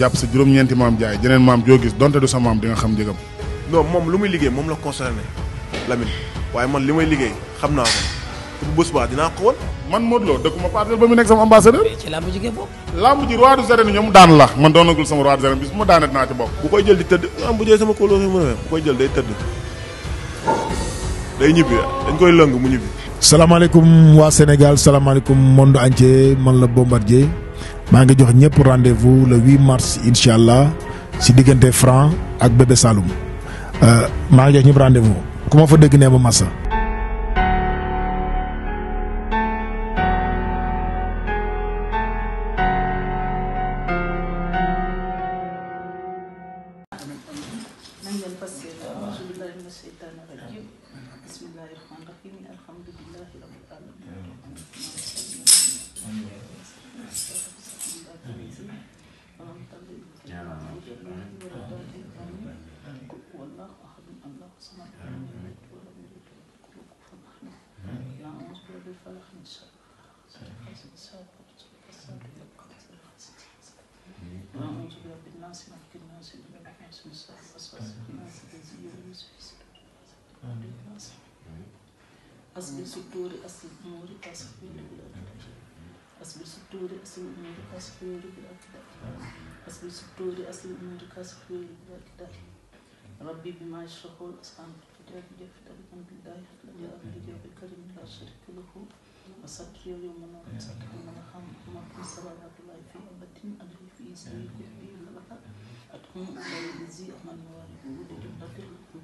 jàpp sa juróom-ñeenti maam jaay jeneen maam joo gis donte du sa maam di nga xam njëgam. non moom lu muy liggéey moom la concerné Lamine waaye man li may liggéey xam naa ko te bu bés baa dinaa ko wan. man Modou Lo dëkk ma partenaire ba mu nekk sama ambassadeur. ci làmb ji ngeen bokk. làmb ji roi des arènes ñoom daan la man doonagul sama roi des arènes bis bu ma daanee naa ci bokk. bu koy jël di tëdd am bu jëlee sama kóoloo fi mu ne bu koy jël day dañ koy lëng mu salaamaaleykum waa Sénégal salaamaaleykum monde entier man la Bombardier maa ngi jox ñëpp rendez-vous le 8 mars incha allah si diggante Franc ak Bébé euh, maa ngi jox ñëpp rendez-vous fa dégg nee ma massa أصل صدور أصل أمور تصفيق suduri aslin umuri kasfuri bil aqdar asbil suduri aslin umuri kasfuri bil aqdar rabbi bima yashrahun asqan kitabi jafi dalikan billahi alladhi rabbi jafi karim la sharika lahu وصدر يوم نور صدر من خام ما في صلاة الله في أبد أدري في سبيل كل أتكون على الذي أمن وارد ودد قدر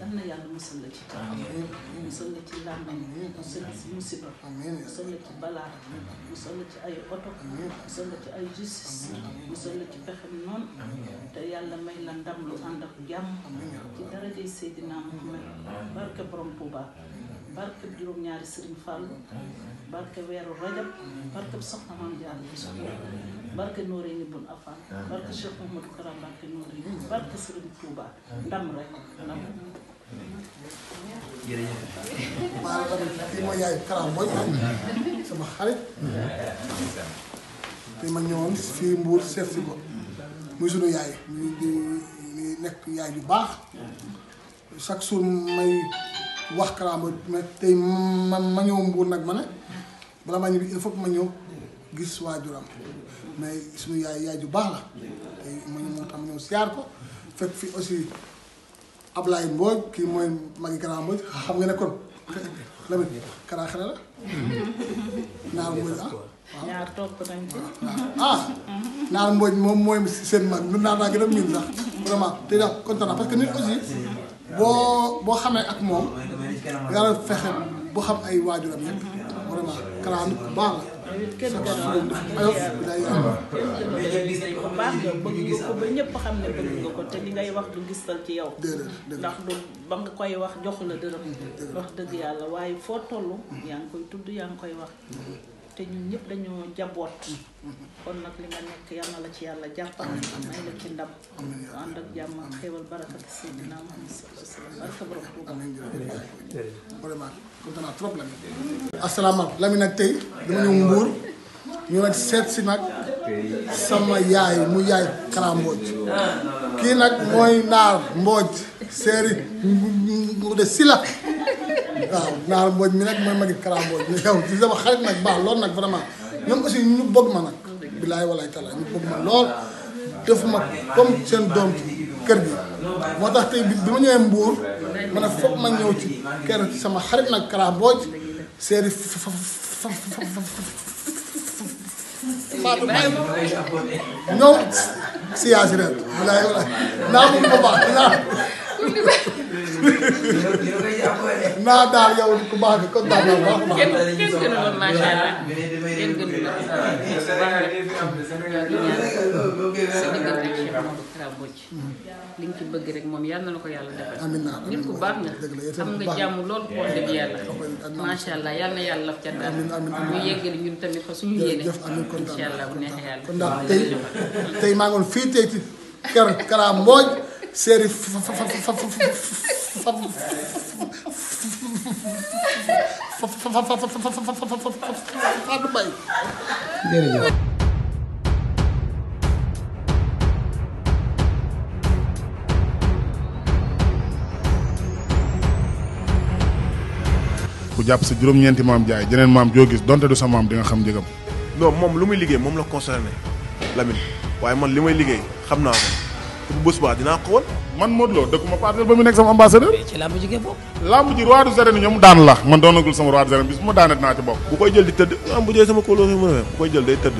yal na yàlla musal la ci caaxaan musal la ci làmbam musal la ci musiba musal la ci balaa musal la ci ay oto musal la ci ay justice musal la ci pexem noonu te yàlla may la ndam lu ànd ak jàmm ci darajay Seydina Muhammad barke borom Tuubaa barke juróom-ñaari sëriñ Fall barke weeru rajab barke bu soxna maam Jaara bu soxna barke Nooré ni bun afan barke Cheikh Mouhamadou Karam barke Nooré ni barke sëriñ Touba mooy yaay Karam Boy sama xarit te ma ñëwoon fii Mbour seet si ko muy sunu yaay muy di nekk yaay yu baax chaque may wax kalaama tey ma ma ñëw mbuur nag ma ne bala ma ñëw il faut ma ñëw gis waajuram mais suñu yaay yaay ju baax la tey ma ñëw moo ko fekk fi aussi Ablaye Mbodj kii mooy magi Kara Mbodj xam nga ne kon Lamine Kara xale la Naar Mbodj ah ñaar topp ah, ah. Naar Mbodj moom mooy seen mag nu naar naa gën a miin sax vraiment te daal kontaan naa parce que nit aussi boo boo xamee ak moom la fexe bu xam ay waajuram yëpp vraiment kalaam ku baax la. kenn ku baax nga bëgg nga ko ba ñëpp xam ne bëgg nga ko te li ngay wax du gisal ci yow. ndax du ba nga koy wax jox la dërëm. wax dëgg yàlla waaye foo toll. yaa ngi koy tudd yaa ngi koy wax. te ñun ñëpp dañoo jaboot nag li nga nekk ci yàlla jàppal may la ci ndam mu ànd ak jàmm ak xéwal ñëw Mbour ñu seet si nag sama yaay mu yaay Kara kii nag mooy naar Mbodj séeri de Sila waaw naar mbooj mi nag mooy magi kara mbooj mi yow di sama xarit nag baax lool nag vraiment ñoom aussi ñu bëgg ma nag bilaay walaay talaa ñu bëgg ma lool def ma comme seen doom ci kër gi moo tax tey bi bi ma ñëwee Mbour ma ne foog ma ñëw ci kër ci sama xarit nag kara mbooj seeri Fatou Mbaye ñoom siyaasi ren bilaay walaay naa moom bu baax naa naa daal yow ku baax nga kontaan naa baax baax. kenn kenn gënu la macha allah kenn gënu la li nga ci bëgg rek moom yal na la ko yàlla defal. amiin naa nit ku baax nga. am nga jàmm lool ko wax dëgg yàlla. macha allah yal na yàlla laf ca daal. ñu yeggali ñun tamit fa suñu yéene. incha allah bu neexee yàlla. kon daal tey tey maa ngi woon fii tey ci kër Kara Mbodj séeri fa fa fa fa fa Fadu ku jàpp sa juróom-ñeenti maam jaay jeneen maam joo gis donte du sa maam di nga xam njëgam non moom lu muy liggéey moom la concerné Lamine waaye man li may liggéey xam naa ko te bu bés baa dinaa ko man Modou Lo dëkkuma parcelle ba mu nekk sama ambassadeur. ci làmb ji ngeen bokk. làmb ji roi des arènes ñoom daan la man doonagul sama roi des arènes bis bu ma daanee dinaa ci bokk. bu koy jël di tëdd mu jël day tëdd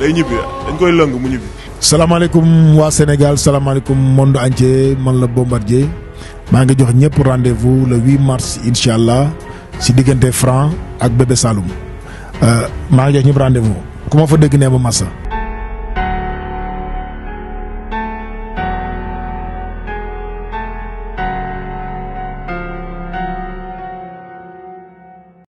day ñibbi dañ koy lëng mu ñibbi. salaamaaleykum waa Sénégal salaamaaleykum monde entier man la Bombardier maa ngi jox ñëpp rendez-vous le 8 mars incha allah si diggante Franc ak Bébé Saloum euh, maa ngi jox ñëpp rendez-vous ku ma fa dégg nee ma Massa.